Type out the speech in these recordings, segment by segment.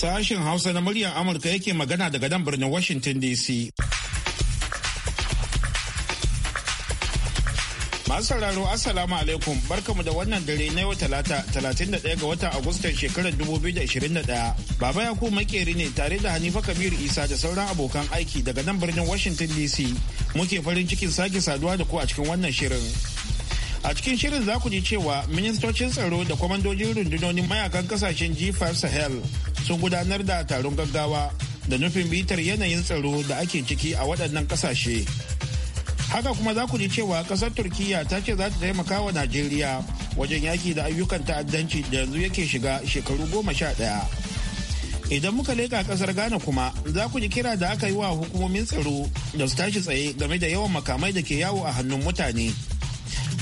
Sashen Hausa na muryar Amurka yake magana daga nan birnin Washington DC. Masu sauraro Assalamu alaikum barkamu da wannan dare na yau talata 31 ga watan Agustan shekarar 2021. Baba Yaku makeri ne tare da Hanifa Kabiru Isa da sauran abokan aiki daga nan birnin Washington DC. Muke farin cikin sake saduwa da ku a cikin wannan shirin. a cikin shirin za ku ji cewa ministocin tsaro da kwamandojin rundunonin mayakan kasashen g5 sahel sun gudanar da taron gaggawa da nufin bitar yanayin tsaro da ake ciki a waɗannan kasashe haka kuma za ku ji cewa ƙasar turkiya ta ce za ta taimaka wa najeriya wajen yaki da ayyukan ta'addanci da yanzu yake shiga shekaru goma sha ɗaya idan muka leƙa ƙasar ghana kuma za ku ji kira da aka yi wa hukumomin tsaro da su tashi tsaye game da yawan makamai da ke yawo a hannun mutane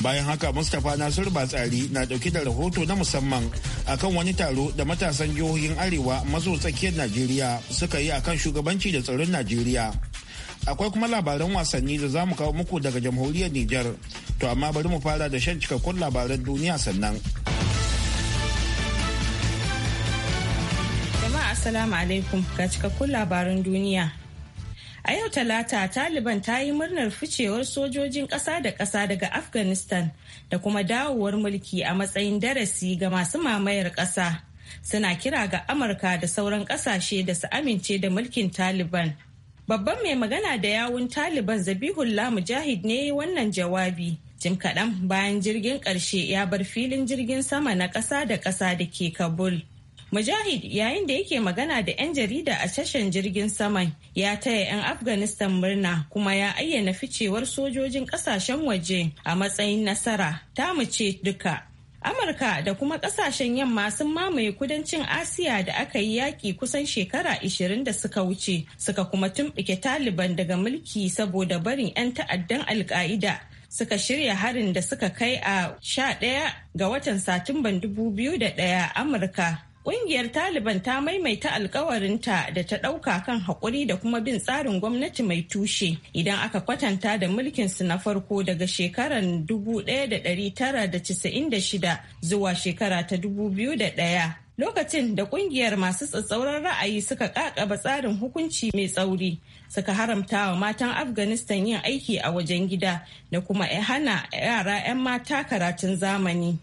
bayan haka mustapha nasiru batsari na dauke da rahoto na musamman akan wani taro da matasan jihohin arewa maso tsakiyar najeriya suka yi akan shugabanci da tsaron najeriya akwai kuma labaran wasanni da za mu kawo muku daga jamhuriyar nijar to amma bari mu fara da shan cikakkun labaran duniya sannan jama'a assalamu alaikum ga cikakkun labaran duniya A yau talata Taliban ta yi murnar ficewar sojojin ƙasa da ƙasa daga Afghanistan da kuma dawowar mulki a matsayin darasi ga masu mamayar ƙasa. Suna kira ga Amurka da sauran ƙasashe da su amince da mulkin Taliban. Babban mai magana da yawun Taliban Zabihullah Mujahid ne wannan jawabi. Jim kaɗan bayan jirgin ƙarshe ya bar filin jirgin sama na ƙasa da ƙasa da ke Kabul. Mujahid yayin da yake magana da 'yan jarida a tashar jirgin saman ya taya 'yan Afghanistan murna kuma ya ayyana ficewar sojojin kasashen waje a matsayin nasara ta mace duka. Amurka da kuma kasashen yamma sun mamaye kudancin Asiya da aka yi yaƙi kusan shekara 20 da suka wuce suka kuma tumɓuke Taliban daga mulki saboda barin 'yan ta'addan Alka'ida suka shirya harin da suka kai a 11 ga watan Satumban 2001 Amurka Ƙungiyar Taliban ta maimaita alkawarinta da ta ɗauka kan haƙuri da kuma bin tsarin gwamnati mai tushe idan aka kwatanta da mulkin su na farko daga shekarar 1996 zuwa shekara ta 2001. lokacin da kungiyar masu tsatsauran ra'ayi suka kakaba tsarin hukunci mai tsauri suka haramta wa matan afghanistan yin aiki a wajen gida da kuma hana yara 'yan mata karatun zamani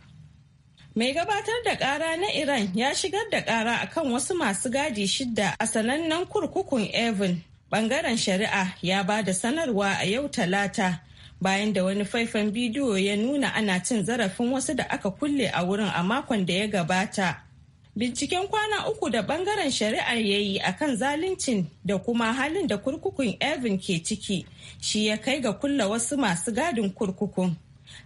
Mai gabatar da kara na Iran ya shigar da kara akan wasu masu gadi shidda a sanannen kurkukun Evin. Bangaren shari'a ya ba da sanarwa a yau talata bayan da wani faifan bidiyo ya nuna ana cin zarafin wasu da aka kulle a wurin a makon da ya gabata. Binciken kwana uku da bangaren shari'ar ya yi a kan zaluncin da kuma halin da kurkukun Evin ke ciki shi ya kai ga kulle wasu masu gadin kurkukun.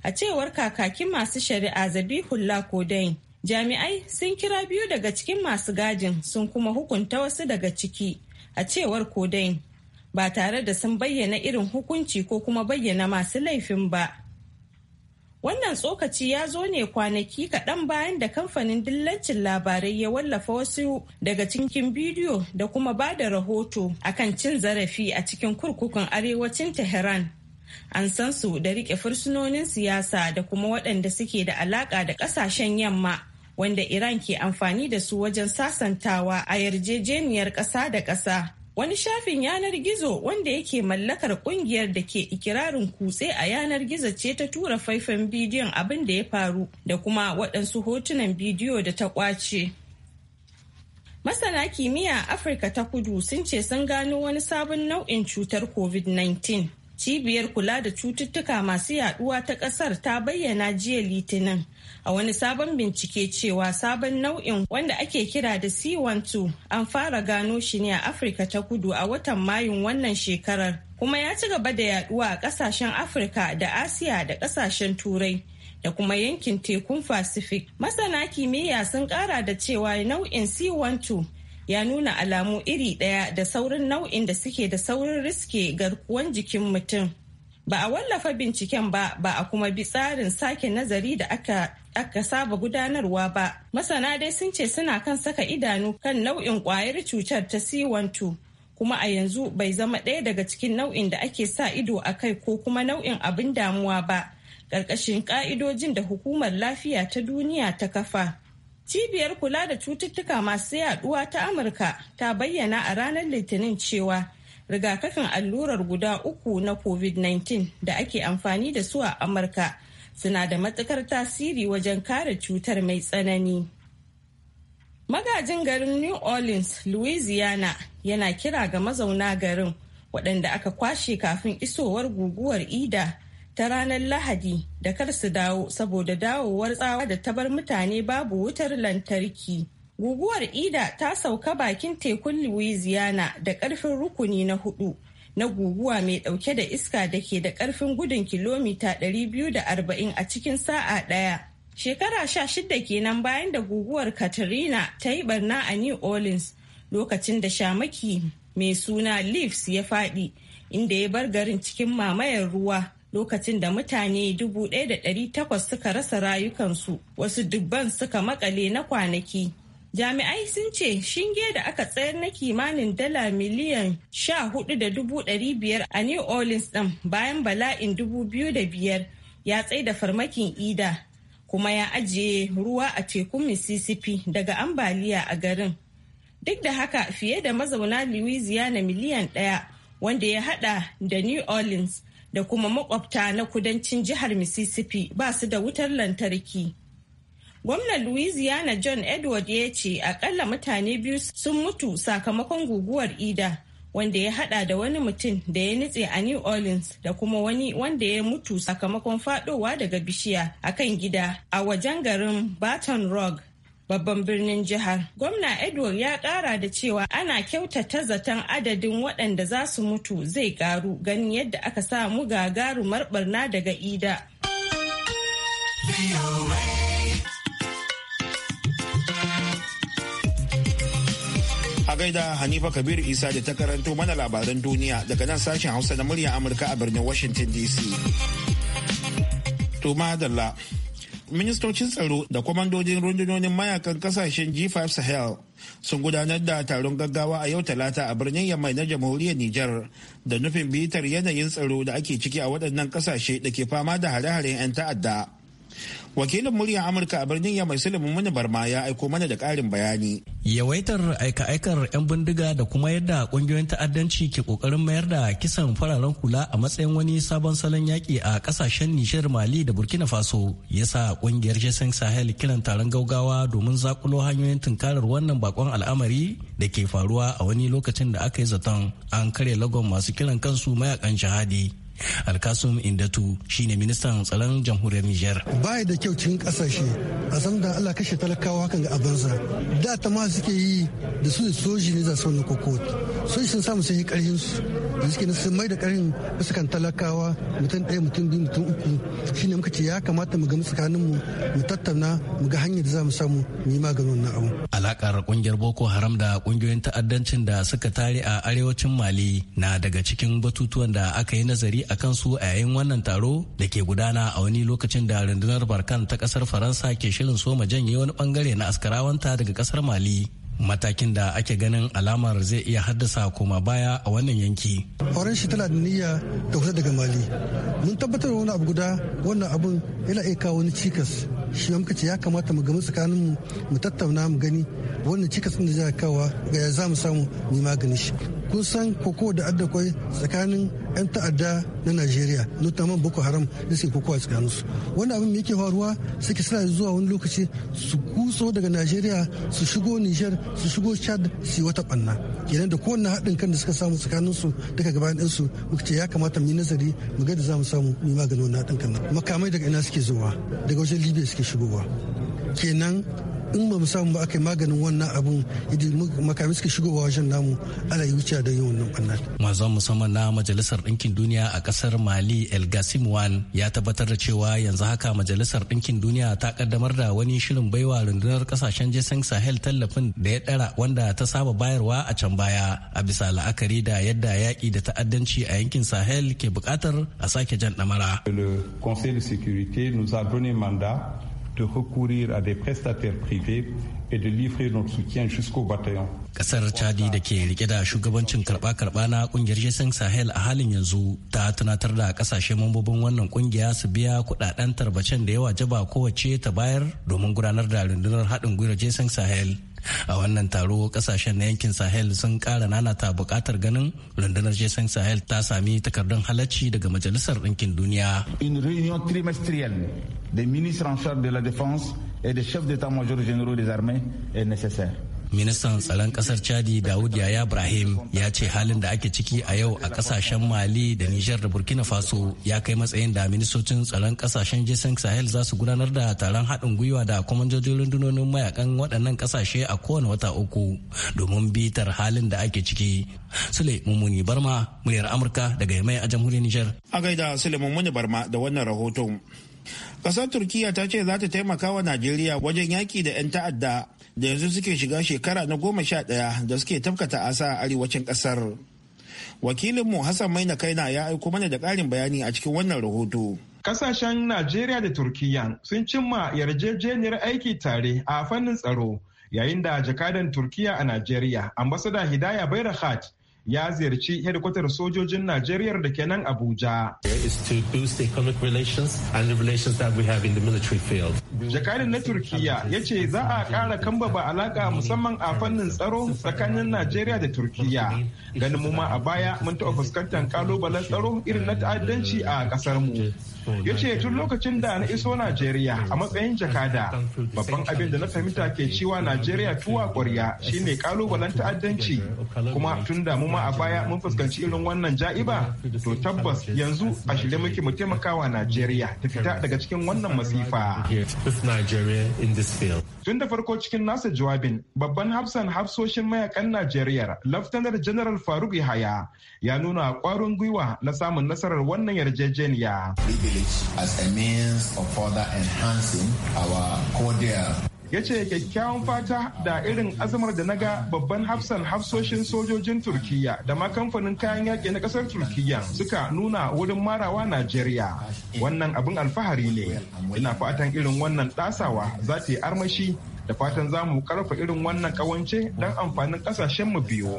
A cewar kakakin masu shari'a Zabihullah Kodain, jami'ai sun kira biyu daga cikin masu gajin sun kuma hukunta wasu daga ciki a cewar Kodain ba tare da sun bayyana irin hukunci ko kuma bayyana masu laifin ba. Wannan tsokaci ya zo ne kwanaki kaɗan bayan da kamfanin dillancin labarai ya wallafa wasu daga cikin bidiyo da kuma ba da rahoto a kan cin zarafi a cikin kurkukun arewacin Tehran. An san su da rike fursunonin siyasa da kuma waɗanda suke da alaƙa da ƙasashen yamma wanda Iran ke amfani da su wajen sasantawa a yarjejeniyar ƙasa da ƙasa. Wani shafin yanar gizo wanda yake mallakar ƙungiyar da ke ikirarin kutse a yanar gizo ce ta tura faifan bidiyon abin da ya faru da kuma waɗansu hotunan bidiyo da ta ƙwace. Masana kimiyya Afirka ta kudu sun ce sun gano wani sabon nau'in cutar COVID-19 Cibiyar kula da cututtuka masu yaduwa ta kasar ta bayyana jiya litinin a wani sabon bincike cewa sabon nau'in wanda ake kira da C12 an fara gano shi ne a Afirka ta kudu a watan Mayun wannan shekarar kuma ya ci gaba da yaduwa a kasashen Afirka da Asiya da kasashen Turai. da kuma yankin tekun pacific masana kimiyya sun kara da cewa nau'in c12 ya nuna alamu iri ɗaya da saurin nau'in da suke da saurin riske garkuwan jikin mutum. Ba a wallafa binciken ba, ba a kuma bi tsarin sake nazari da aka aka saba gudanarwa ba. Masana dai sun ce suna kan saka idanu kan nau'in kwayar cutar ta C12 kuma a yanzu bai zama ɗaya daga cikin nau'in da ake sa ido a kai ko kuma nau'in abin damuwa ba. Ƙarƙashin ƙa'idojin da hukumar lafiya ta duniya ta kafa. Cibiyar kula da cututtuka masu yaduwa ta Amurka ta bayyana a ranar Litinin cewa rigakafin allurar guda uku na COVID-19 da ake amfani da su a Amurka suna da matukar tasiri wajen kare cutar mai tsanani. Magajin garin New Orleans, Louisiana yana kira ga mazauna garin waɗanda aka kwashe kafin isowar guguwar Ida ta ranar Lahadi da kar su dawo saboda dawowar tsawa da ta bar mutane babu wutar lantarki. Guguwar Ida ta sauka bakin tekun Louisiana da ƙarfin rukuni na hudu. na guguwa mai dauke da iska da ke da karfin gudun kilomita 240 a cikin sa'a ɗaya. Shekara sha shida kenan bayan da guguwar Katrina ta yi barna a New Orleans lokacin da shamaki mai suna Leaves ya faɗi inda ya bar garin cikin mamayar ruwa lokacin da mutane 1,800 suka rasa rayukansu wasu dubban suka makale na kwanaki. Jami'ai sun ce shinge da aka tsayar na kimanin dala miliyan sha hudu da dubu biyar a New Orleans ɗin bayan bala'in dubu biyu da biyar ya tsai da farmakin ida kuma ya ajiye ruwa a tekun Mississippi daga ambaliya a garin. Duk da haka fiye da mazauna Louisiana miliyan ɗaya wanda ya hada da New Orleans da kuma makwabta na kudancin jihar Mississippi ba su da wutar lantarki. Gwamnan Louisiana John Edward ya ce akalla mutane biyu sun mutu sakamakon guguwar Ida wanda ya hada da wani mutum da ya nutse a New Orleans da kuma wani wanda ya mutu sakamakon fadowa daga bishiya a kan gida a wajen garin Baton Rouge babban birnin jihar. Gwamna Edward ya kara da cewa ana kyautata zaton adadin waɗanda za su mutu zai karu ganin yadda aka samu gagarumar barna daga ida. A gaida Hanifa Kabir Isa da ta karanto mana labaran duniya daga nan sashen Hausa na murya Amurka a birnin Washington DC. Tuma Dalla. ministocin tsaro da kwamandojin rundunonin mayakan kasashen g5 sahel sun gudanar da taron gaggawa a yau talata a birnin yamai na jamhuriyar nijar da nufin bitar yanayin tsaro da ake ciki a waɗannan kasashe da ke fama da hare-haren 'yan ta'adda wakilin murya amurka a birnin yamma mai muni barma ya aiko mana da karin bayani yawaitar aika-aikar 'yan bindiga da kuma yadda kungiyoyin ta'addanci ke kokarin mayar da kisan fararen kula a matsayin wani sabon salon yaƙi a kasashen nishar mali da burkina faso ya sa kungiyar jason sahel kiran taron gaugawa domin zakulo hanyoyin tunkarar wannan bakon al'amari da ke faruwa a wani lokacin da aka yi zaton an karya lagon masu kiran kansu mayakan jihadi alkasum indatu shine ministan tsaron jamhuriyar niger ba da kyau cikin kasashe a san da allah kashe talakawa hakan ga abansa da ta ma suke yi da su soji ne za su wani koko soji sun samu sun yi karhin su da suke na sun mai da karhin su kan talakawa mutum ɗaya mutum biyu mutum uku shine muka ce ya kamata mu ga tsakanin mu mu tattauna mu ga hanyar da za mu samu mu yi maganin wannan abu alakar kungiyar boko haram da kungiyoyin ta'addancin da suka tare a arewacin mali na daga cikin batutuwan da aka yi nazari a su a yayin wannan taro da ke gudana a wani lokacin da rundunar barkan ta kasar faransa ke shirin soma janye wani bangare na askarawanta daga kasar mali matakin da ake ganin alamar zai iya haddasa koma baya a wannan yanki. Horon shi tana da niyya da kusa daga Mali. Mun tabbatar wani abu guda wannan abun yana iya kawo wani cikas. Shi muka ce ya kamata mu gami tsakanin mu tattauna mu gani wannan cikas din da a kawo ga za mu samu mu magani shi. kun san koko da adda kwai tsakanin 'yan ta'adda na najeriya notaman boko haram da suke koko a tsakaninsu wani abin yake faruwa suke suna zuwa wani lokaci su kutso daga najeriya su shigo niger su shigo chad su yi wata banna kenan da kowane haɗin kan da suka samu tsakaninsu daga gabayan ɗinsu muka ce ya kamata mu yi nazari mu ga da za mu samu mu yi maganin wannan haɗin kan makamai daga ina suke zuwa daga wajen libya suke shigowa kenan in ba mu samu ba aka yi maganin wannan abun makami suka wa wajen namu ala yi wuce da yin wannan ɓannan. mazo musamman na Majalisar Ɗinkin Duniya a ƙasar Mali El gasim Wan ya tabbatar da cewa yanzu haka Majalisar Ɗinkin Duniya ta kaddamar da wani shirin baiwa rundunar kasashen jason Sahel tallafin da ya ɗara wanda ta saba bayarwa a can baya a bisa la'akari da yadda yaƙi da ta'addanci a yankin Sahel ke buƙatar a sake jan ɗamara. Le Conseil de sécurité nous a donné mandat de recourir à des prestataires privés et de livrer notre soutien jusqu'au bataillon. Kasar Chadi da ke rike da shugabancin karba-karba na kungiyar Jason Sahel a halin yanzu ta tunatar da kasashe mambobin wannan kungiya su biya kudaden tarbacen da yawa jaba kowace ta bayar domin gudanar da rundunar haɗin gwiwar Jason Sahel. a wannan taro kasashen na yankin sahel sun kara nanata bukatar ganin rundunar jason sahel ta sami takardun halacci daga majalisar ɗinkin duniya une trimestrielle ministres en charge de la défense et des chefs d'état-major généraux des armées est nécessaire ministan tsaron kasar chadi dawud yaya ibrahim ya ce halin da ake ciki a yau a kasashen mali da niger da burkina faso ya kai matsayin da ministocin tsaron kasashen jason sahel za su gudanar da taron haɗin gwiwa da kwamandojin rundunonin mayakan waɗannan kasashe a kowane wata uku domin bitar halin da ake ciki sule mummuni barma muryar amurka daga yamai a jamhuriyar niger a gaida sule mummuni barma da wannan rahoton kasar Turkiyya ta ce za ta taimaka wa Najeriya wajen yaki da 'yan ta'adda da yanzu suke shiga shekara na goma sha ɗaya da suke tafkata asa a arewacin ƙasar. Wakilinmu Hassan Maina Kaina ya aiko mana da ƙarin bayani a cikin wannan rahoto. Ƙasashen Najeriya da Turkiyya sun cimma yarjejeniyar aiki tare a fannin tsaro yayin da jakadan Turkiyya a Najeriya, ambasada Hidaya Bayrahat ya ziyarci hedikwatar sojojin Najeriya da ke nan Abuja. Jakadin na Turkiya ya ce za a ƙara kambaba alaƙa musamman a fannin tsaro tsakanin Najeriya da Turkiya. Ganin mu ma a baya mun taɓa fuskantar ƙalubalen tsaro irin na ta'addanci a ƙasar mu. ya ce tun lokacin da na iso najeriya a matsayin jakada babban abin da na fahimta ke cewa najeriya tuwa kwarya shine kalubalen ta'addanci kuma tun da mu ma a baya mun fuskanci irin wannan ja'iba to tabbas yanzu a shirye muke mu taimakawa najeriya ta fita daga cikin wannan masifa Tun da farko cikin nasa jawabin babban hafsan hafsoshin mayakan Najeriya Laftanar General Faruk Yahaya ya nuna kwarin gwiwa na samun nasarar wannan yarjejeniya. as a means of further our ya ce kyakkyawan fata da irin azamar da naga babban hafsan hafsoshin sojojin turkiya da ma kamfanin kayan yaƙi na ƙasar turkiya suka nuna wurin marawa najeriya wannan abin alfahari ne ina fatan irin wannan ɗasawa za ta yi armashi da fatan za mu karfa irin wannan ƙawance don amfanin ƙasashenmu biyu.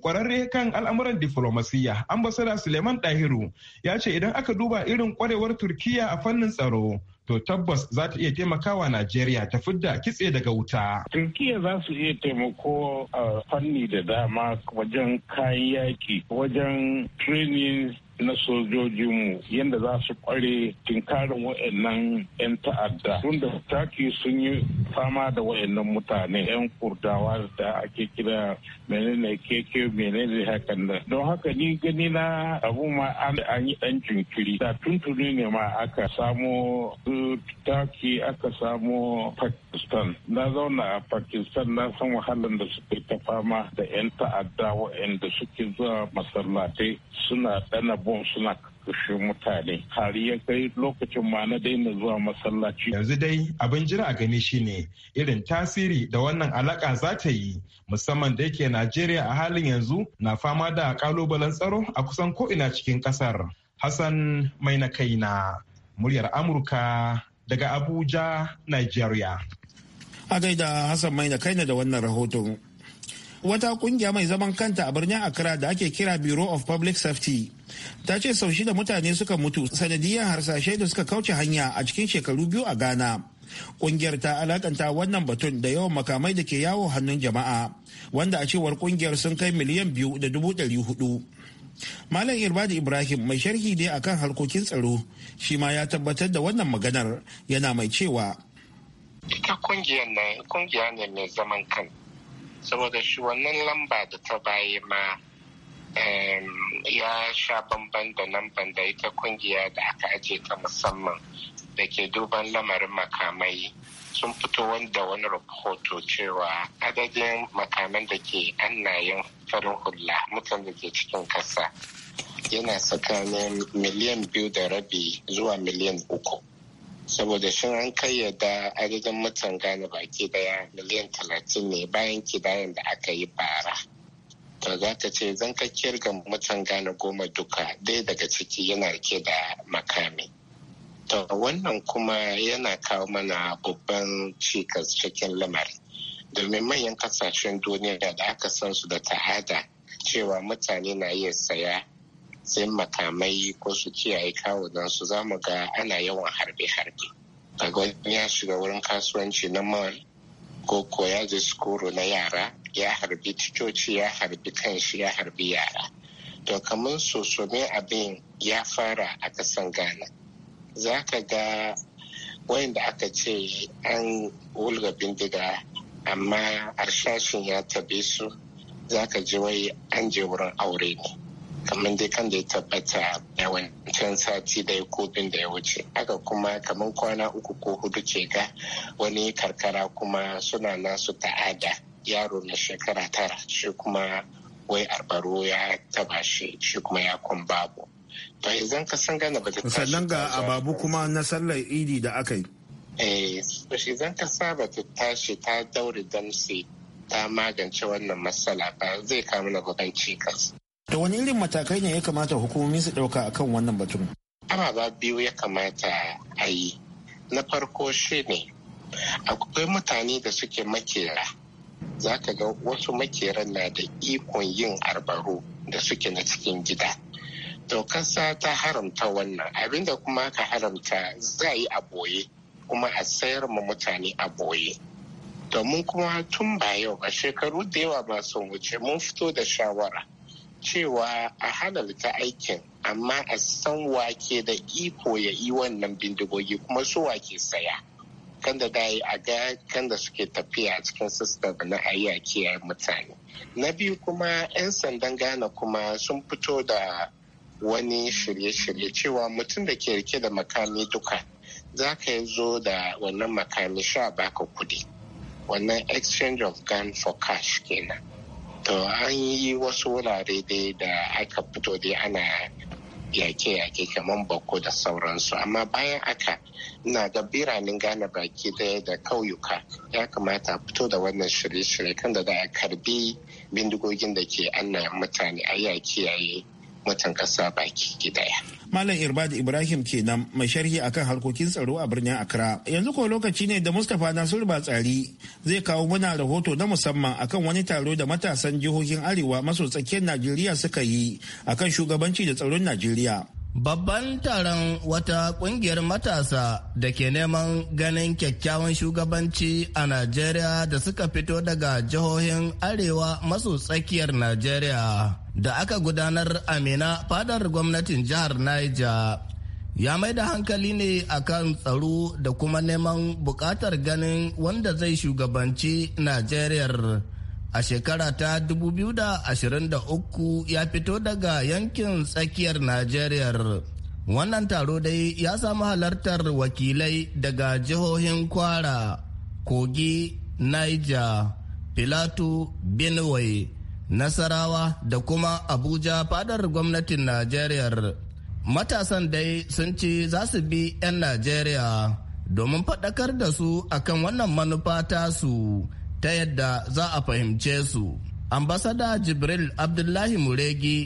kwararre kan al'amuran diflomasiyya ambasada suleiman dahiru ya ce idan aka duba irin kwarewar turkiya a fannin tsaro to tabbas za ta iya taimakawa Najeriya ta fidda kitse daga wuta. Turkiya za su iya taimako a fanni da dama wajen kayan yaki, wajen trainings na sojojinmu yadda za su kware tinkarin wa'annan 'yan ta'adda tunda taki sun yi fama da wa'annan mutane 'yan kurdawa da ake kira menene keke menene hakan da don haka ni gani na abu ma an yi dan jinkiri da tuntuni ne ma aka samo taki aka samo pakistan na zauna a pakistan na san wahalar da suke ta fama da 'yan ta'adda wa'anda suke zuwa masallatai suna dana abubuwan suna kashe mutane har ya kai lokacin ma na daina zuwa masallaci. Yanzu dai abin jira a gani shine irin tasiri da wannan alaka za ta yi musamman da yake Najeriya a halin yanzu na fama da kalubalen tsaro a kusan ko'ina cikin kasar. Hassan mai na kaina muryar Amurka daga Abuja, Nigeria. A gaida Hassan mai na kaina da wannan rahoton. wata kungiya mai zaman kanta a birnin Accra da ake kira Bureau of Public Safety ta ce sau shida mutane suka mutu sanadiyar harsashe da suka kauce hanya a cikin shekaru biyu a Ghana. Kungiyar ta alakanta wannan batun da yawan makamai da ke yawo hannun jama'a wanda a cewar kungiyar sun kai miliyan biyu da dubu ɗari hudu. Malam Irbadi Ibrahim mai sharhi ne akan harkokin tsaro shi ma ya tabbatar da wannan maganar yana mai cewa. Ita kungiyar ne kungiya ne mai zaman kanta. saboda shi wannan lamba da ta baya ma ya sha bamban da lamban da ita kungiya da aka aje ta musamman da ke duban lamarin makamai sun fito wanda wani rahoto cewa adadin makaman da ke annayen farin hula mutum da ke cikin kasa yana tsakanin miliyan biyu da rabi zuwa miliyan uku saboda shin an kayyada adadin mutan gane baki daya miliyan talatin ne bayan kidayen da aka yi bara to za ta ce zan kakkiyar ga mutan gane goma duka ɗaya daga ciki yana rike da makami to wannan kuma yana kawo mana babban cikas cikin lamari domin manyan kasashen duniya da aka san su da ta'ada cewa mutane na iya saya sai makamai ko su kiyaye kawo su za mu ga ana yawan harbe-harbe kaga ya shiga wurin kasuwanci na mall ko ko ya je na yara ya harbi coci ya harbi kanshi ya harbi yara to kamar sosome abin ya fara a kasan ghana za ka ga wayanda aka ce an wulga bindiga amma harsashin ya tabe su za ka ji wai an je wurin aure ne kamar dai kan da ya tabbata da wancan sati da ya kofin da ya wuce haka kuma kamar kwana uku ko hudu ke ga wani karkara kuma suna nasu ta'ada yaro na shekara tara shi kuma wai arbaro ya taba shi shi kuma ya kun babu to idan ka san gane ba ta sannan ga ababu kuma na sallar idi da aka yi eh shi zan ka saba ta tashi ta daure damse ta magance wannan matsala ba zai kawo na babban cikas Da wani irin matakai ne ya kamata hukumomi su ɗauka akan wannan batun? Ababa biyu ya kamata a yi. Na farko shi ne, akwai mutane da suke makera. Za ka ga wasu makera na da ikon yin arbaro da suke na cikin gida. Dokarsa ta haramta wannan abinda kuma ka haramta za yi a boye kuma a sayar ma mutane a boye. Domin kuma tun ba yau a shekaru da yawa ba sun wuce mun fito da shawara. cewa a hanalta aikin amma a san wake da iko ya yi wannan bindigogi kuma su wake saya kan da dai a ga kan da suke tafiya a cikin sistem na ayyaki kiyaye mutane na biyu kuma 'yan sandan gana kuma sun fito da wani shirye-shirye cewa mutum da ke rike da makami duka za ka yi zo da wannan makami sha baka kudi wannan exchange of gun for cash kenan to an yi wasu wurare dai da aka fito dai ana yake-yake kamar bako da sauransu amma bayan aka na ga biranen gane baki daya da kauyuka ya kamata fito da wannan shirye-shirye kan da za a karbi bindigogin da ke annaya mutane a kiyaye watan ƙasa baki daya. Malam Irbad Ibrahim kenan mai sharhi akan harkokin tsaro a birnin Accra. Yanzu ko lokaci ne da Mustapha Nasiru Batsari zai kawo muna rahoto na musamman akan wani taro da matasan jihohin Arewa maso tsakiyar Najeriya suka yi akan shugabanci da tsaron Najeriya. Babban taron wata kungiyar matasa da ke neman ganin kyakkyawan shugabanci a Najeriya da suka fito daga jihohin Arewa maso tsakiyar Najeriya. da aka gudanar a Mina fadar gwamnatin jihar Niger ya mai da hankali ne akan tsaro da kuma neman bukatar ganin wanda zai shugabanci Najeriyar a shekara ta 2023 ya fito daga yankin tsakiyar Najeriyar. Wannan taro dai ya samu halartar wakilai daga jihohin Kwara, Kogi, Niger, Filato, Benue. Nasarawa da kuma Abuja fadar gwamnatin Najeriya. Matasan dai sun ci za su bi 'yan Najeriya domin faɗakar da su akan wannan manufa tasu ta yadda za a fahimce su. Ambasada Jibril Abdullahi Muregi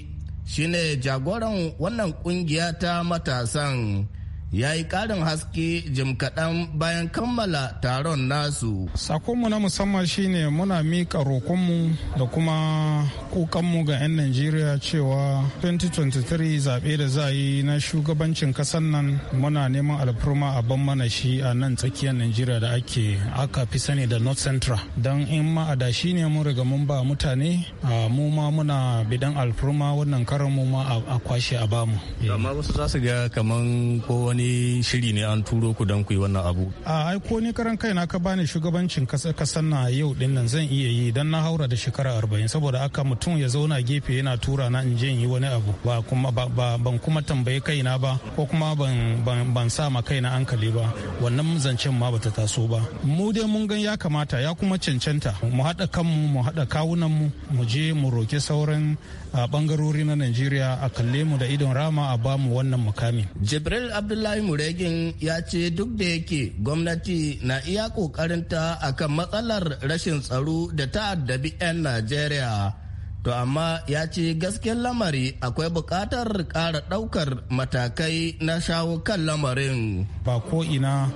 shine jagoran wannan kungiya ta matasan ya yi ƙarin haske jim kaɗan bayan kammala taron nasu. Sakonmu na musamman shine muna miƙa roƙonmu da kuma kukanmu ga 'yan Najeriya cewa 2023 zaɓe da za yi na shugabancin ƙasar nan muna neman alfurma a ban mana shi a nan tsakiyar Najeriya da ake aka fi sani da North Central. Don in ma shi ne mun riga mun ba mutane mu ma muna bidan alfurma wannan karan mu ma a kwashe a bamu. Amma wasu za su ga kaman ko wani wani shiri ne an turo ku don ku yi wannan abu a ai ko ni karan kaina ka bani shugabancin kasar na yau din zan iya yi dan na haura da shekara arba'in saboda aka mutum ya zauna gefe yana tura na in yi wani abu ba kuma ban kuma tambayi kaina ba ko kuma ban sa ma kaina hankali ba wannan zancen ma bata taso ba mu dai mun gan ya kamata ya kuma cancanta mu haɗa kanmu mu haɗa kawunanmu mu je mu roki sauran a bangarori na Najeriya a kalle mu da idon rama a bamu wannan mukamin. Jibril Abdullahi Muregin ya ce duk da yake gwamnati na iya kokarinta akan matsalar rashin tsaro da ta addabi 'yan Najeriya. To amma ya ce gaskiyan lamari akwai buƙatar ƙara ɗaukar matakai na shawo kan lamarin. Ba ko ina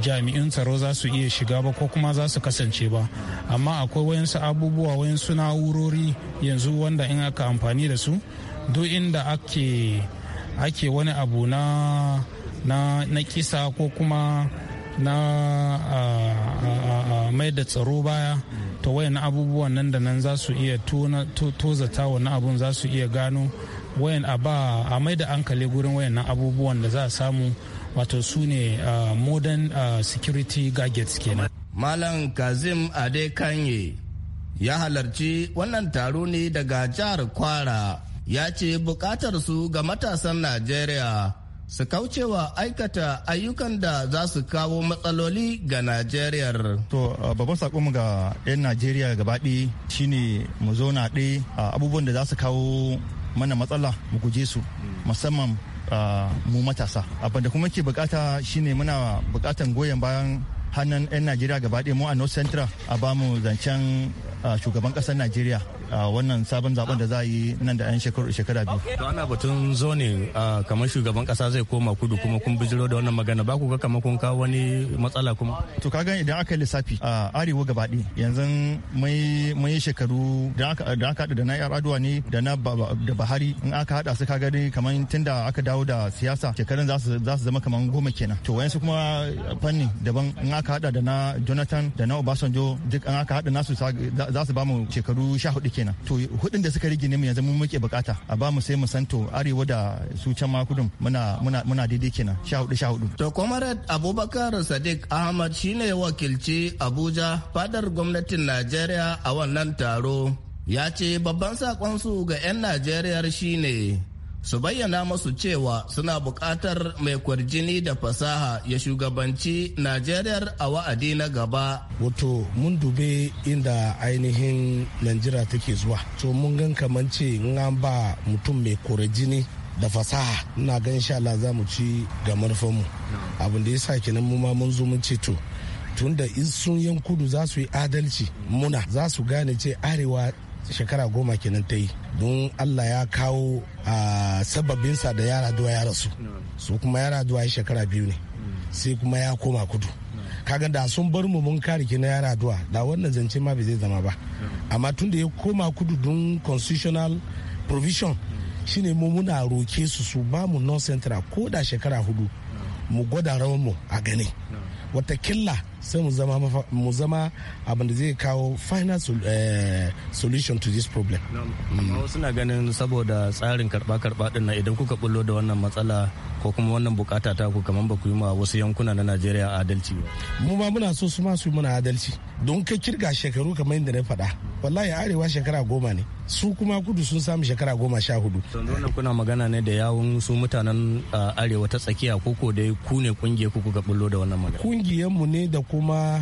jami'in tsaro za su iya shiga ba ko kuma za su kasance ba. Amma akwai wayansu abubuwa wayansu na'urori yanzu wanda in aka amfani da su duk inda ake ake wani abu na na, na kisa ko kuma na mai da tsaro baya to wayan abubuwan nan da nan za su iya tozata wani abun za su iya gano wayan a ba a mai da ankali gurin wayan nan abubuwan da za a samu wato su ne modern security gadgets kenan malam kazim adekanye ya halarci wannan taro ne daga jihar kwara ya ce bukatar su ga matasan najeriya su kaucewa aikata ayyukan da za su kawo matsaloli ga Najeriya. To uh, babban mu ga 'yan Najeriya gabaɗi shine mu zo na ɗe abubuwan da za su kawo mana matsala mu guje su musamman uh, mu matasa. Abin kuma ke bukata shine muna bukatan goyon bayan hannun 'yan Najeriya gabaɗi mu a North Central a bamu zancen uh, shugaban ƙasar Najeriya wannan sabon zaben da za a yi nan da 'yan shekara biyu. To ana batun zo ne kamar shugaban kasa zai koma kudu kuma kun bijiro da wannan magana ba ku ga kamar kun kawo wani matsala kuma. To ka gani idan aka lissafi a arewa gabaɗe yanzu mun yi shekaru da aka haɗu da na yar aduwa ne da na da bahari in aka haɗa su ka gani kamar tun da aka dawo da siyasa shekarun za su zama kamar goma kenan. To wayansu kuma fanni daban in aka haɗa da na Jonathan da na Obasanjo duk in aka haɗa nasu za su ba mu shekaru sha hudu kenan. kenan to hudun da suka rigine ne mu yanzu mun muke bukata a ba mu sai mu santo arewa da su can ma kudin muna muna muna daidai kenan sha hudu sha hudu to comrade abubakar sadiq ahmad shine wakilci abuja fadar gwamnatin najeriya a wannan taro ya ce babban sakonsu ga 'yan najeriya shine su bayyana masu cewa suna buƙatar mai kwarjini da fasaha ya shugabanci Najeriya a wa'adi na gaba. Wato mun dube inda ainihin Najeriya take zuwa. To mun gan kamar ce in an ba mutum mai kwarjini da fasaha na gan sha Allah za mu ci ga marfanmu. Abin da ya sa kenan mu ma mun zo mun ce to tunda in sun yan kudu za su yi adalci muna za su gane ce arewa shekara goma kenan ta yi don allah ya kawo sababinsa da yara duwa ya rasu su kuma yara duwa ya shekara biyu ne sai kuma ya koma kudu kaga da sun bar mu mun kare na yara duwa da wannan zance ma bai zai zama ba amma tun da ya koma kudu don constitutional provision shine mu muna roke su su ba mu non central ko da shekara hudu mu gwada rawan mu a gani watakila sai mu zama abin da zai kawo final eh, solution to this problem amma wasu na ganin saboda tsarin karba-karba din idan kuka bullo da wannan matsala ko kuma wannan bukata ta ku kamar ba ku yi ma wasu yankuna na Najeriya adalci ba. Mu ma muna so su ma su muna adalci don ka kirga shekaru kamar yadda na faɗa. Wallahi arewa shekara goma ne su kuma kudu sun samu shekara goma sha hudu. wannan kuna magana ne da yawun su mutanen arewa ta tsakiya ko ko dai ku ne kungiyar ku kuka bullo da wannan magana. Kungiyar mu ne da kuma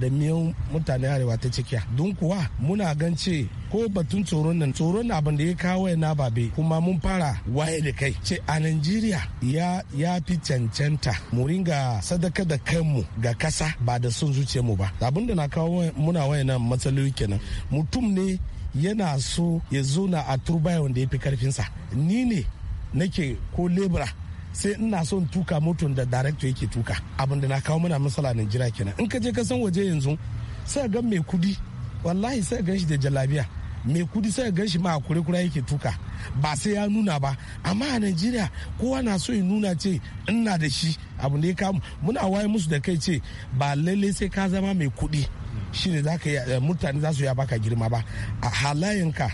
da miyan mutanen arewa ta tsakiya. Don kuwa muna gan ce ko batun tsoron nan tsoron abin da ya kawo ya na babe kuma mun fara waye da kai ce a Najeriya ya ya fi cancanta mu ringa sadaka da kanmu ga kasa ba da son zuciya mu ba abin da na kawo muna wayannan matsaloli kenan mutum ne yana so ya zo na a turbaya wanda ya fi karfinsa ni ne nake ko lebura sai ina son tuka moton da director yake tuka abin da na kawo muna matsala jira kenan in ka je ka san waje yanzu sai ga mai kudi wallahi sai gan shi da jalabiya mai kudi sai gan shi ma a kure kura yake tuka ba sai ya nuna ba amma a najeriya kowa na so ya nuna ce ina da shi abu ne kamu muna waye musu da kai ce ba lalle sai ka zama mai kudi shine za ka mutane za su ya baka girma ba a halayenka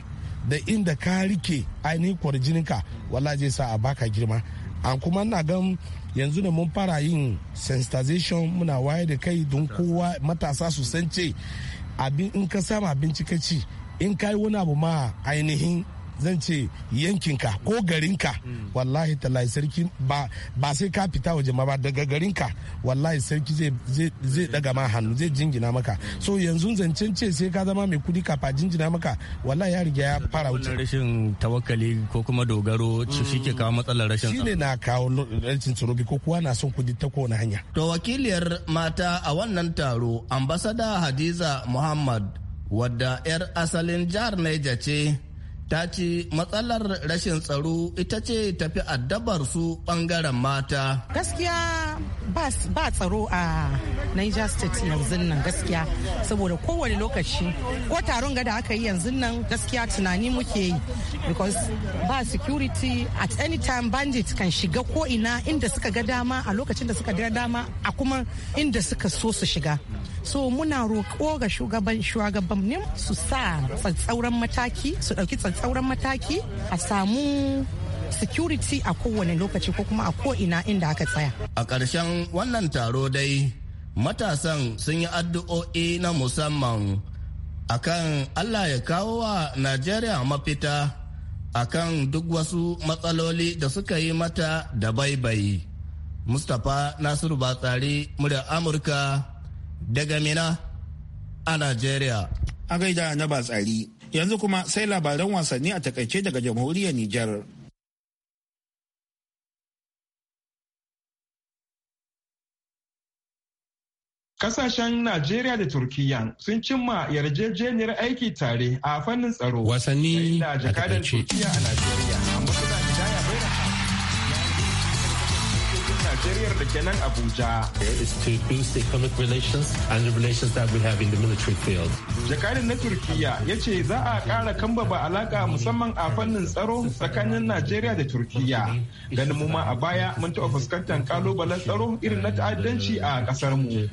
da inda ka rike ainihin kwarjininka wala zai sa a baka girma an kuma na gan yanzu da mun fara yin sensitization muna waye da kai don kowa matasa su san ce abin in ka samu abinci ka ci in ka yi wani abu ma ainihin zan ce yankinka ko garinka wallahi talai sarki ba sai ka fita waje ma ba daga garinka wallahi sarki zai daga ma hannu zai jingina maka so yanzu zancen ce sai ka zama mai kudi kafa jingina maka wallahi ya riga ya fara wuce rashin tawakkali ko kuma dogaro shi mm. ke kawo matsalar rashin tsaro shine na kawo rashin tsorobi ko kuwa na son kudi ta kowane hanya to wakiliyar mata a wannan taro ambasada hadiza muhammad wadda 'yar asalin jihar Neja ce ta ce matsalar rashin tsaro ita ce tafi addabar su ɓangaren mata. Gaskiya ba tsaro a Niger State yanzu nan gaskiya saboda kowane lokaci ko taron gada aka yi yanzu nan gaskiya tunani muke yi because ba security at any time bandit kan shiga ko ina inda suka ga dama a lokacin da suka ga dama a kuma inda suka so su shiga so muna roƙo ga shugaban shugabannin su sa tsatsauran mataki su ɗauki tsatsauran mataki a samu security a kowane lokaci ko kuma a ina inda aka tsaya. A ƙarshen wannan taro dai matasan sun yi addu'o'i na musamman akan Allah ya kawo wa Najeriya mafita akan duk wasu matsaloli da suka yi mata da baibayi. Mustapha Nasiru Batsari murya Amurka daga Mina a Najeriya. A gaida na Batsari yanzu kuma sai labaran wasanni a takaice daga jamhuriyar Nijar. Kasashen Najeriya da Turkiyya sun cimma yarjejeniyar aiki tare a fannin tsaro. Wasanni a Turkiyya a Najeriya. Nigeria da ke nan Abuja. jakadin na Turkiya ya ce za a ƙara kambaba alaka musamman a fannin tsaro tsakanin Najeriya da Turkiya. Ganin mu ma a baya mun taɓa fuskantar kalubalen tsaro irin na ta'addanci a ƙasar mu.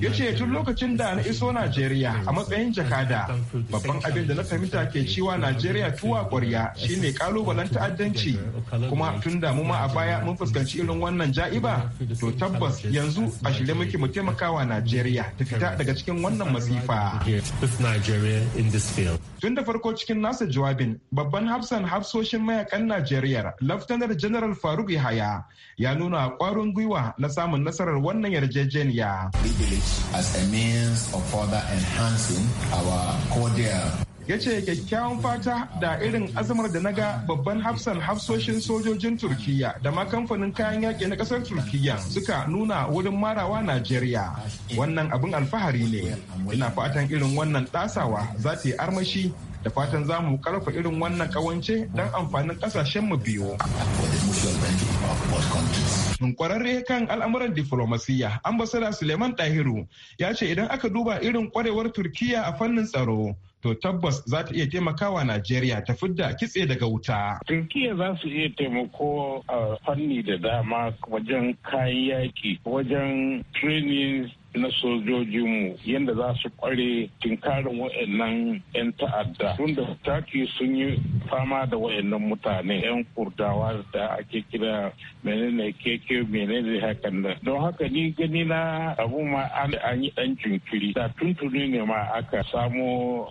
ya ce tun lokacin da na iso najeriya a matsayin jakada babban abin da na fahimta ke cewa najeriya tuwa kwarya shine kalubalen ta'addanci kuma tun da mu ma a baya mun fuskanci irin wannan ja'iba to tabbas yanzu a shirye muke mu taimakawa Najeriya ta fita daga cikin wannan masifa. Tun da farko cikin nasa jawabin babban hafsan hafsoshin mayakan Najeriya Laftanar General Faruk Yahaya ya nuna kwarin gwiwa na samun nasarar wannan yarjejeniya. ya ce kyakkyawan fata da irin azamar da naga babban hafsan hafsoshin sojojin turkiya da ma kamfanin kayan yaƙi na ƙasar turkiya suka nuna wurin marawa najeriya wannan abin alfahari ne ina fatan irin wannan ɗasawa za ta yi armashi da fatan za mu karfa irin wannan ƙawance don amfanin ƙasashenmu biyu. kwararre kan al'amuran diflomasiyya ambasada suleiman dahiru ya ce idan aka duba irin kwarewar turkiya a fannin tsaro to tabbas za ta iya taimakawa Najeriya ta fidda kitse daga wuta. Turkiya za su iya taimako a fanni da dama wajen kayan yaki, wajen trainings na sojojinmu yadda za su kware tinkarin wa'annan 'yan ta'adda tun da taki sun yi fama da wa'annan mutane 'yan kurdawa da ake kira menene keke menene hakan da don haka ni gani na abu ma an yi dan jinkiri da tuntuni ne ma aka samo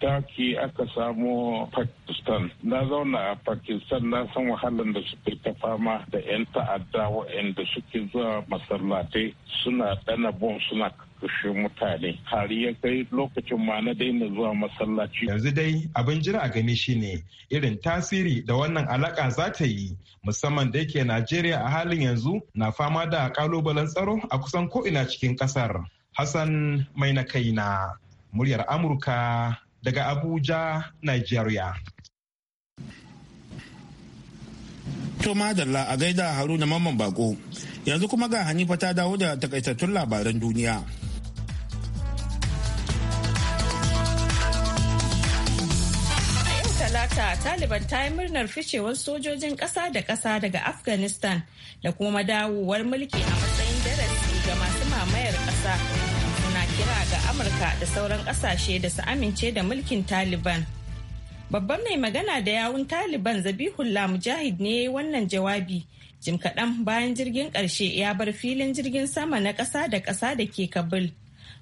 taki aka samo pakistan na zauna a pakistan na san wahalar da suke ta fama da 'yan ta'adda wa'anda suke zuwa masallatai suna dana abubuwan suna kashe mutane har ya kai lokacin ma na daina zuwa masallaci. Yanzu dai abin jira a gani shine irin tasiri da wannan alaka za ta yi musamman da yake Najeriya a halin yanzu na fama da kalubalen tsaro a kusan ko'ina cikin kasar. Hassan mai na kaina muryar Amurka daga Abuja, Nigeria. To madalla a gaida Haruna Mamman Bako. Yanzu kuma ga Hanifa ta dawo da takaitattun labaran duniya. talata taliban ta yi murnar ficewar sojojin kasa da kasa daga afghanistan da kuma dawowar mulki a matsayin darasi ga masu mamayar kasa suna kira ga amurka da sauran kasashe da su amince da mulkin taliban babban mai magana da yawun taliban zabihullah mujahid ne wannan jawabi Jim kaɗan bayan jirgin ƙarshe ya bar filin jirgin sama na ƙasa da ƙasa da ke Kabul.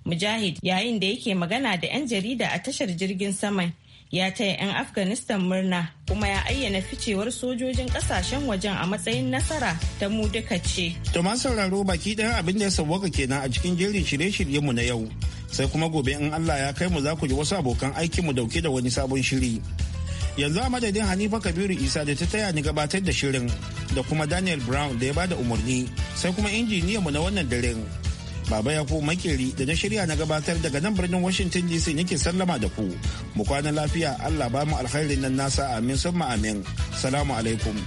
Mujahid yayin da yake magana da 'yan jarida a tashar jirgin saman ya taya 'yan Afghanistan murna kuma ya ayyana ficewar sojojin ƙasashen wajen a matsayin nasara ta mu duka ce. To sauraro baki ɗaya abin da ya sauwaka kenan a cikin jerin shirye mu na yau. Sai kuma gobe in Allah ya kai mu za ku ji wasu abokan mu dauke da wani sabon shiri. yanzu a madadin hanifa kabiru isa da ta taya ni gabatar da shirin da kuma daniel brown da ya bada umarni sai kuma mu na wannan daren baba ya ko makeri da na shirya na gabatar daga nan birnin washington dc nake sallama da ku mu kwana lafiya allah ba mu alkhairin nan nasa amin summa amin salamu alaikum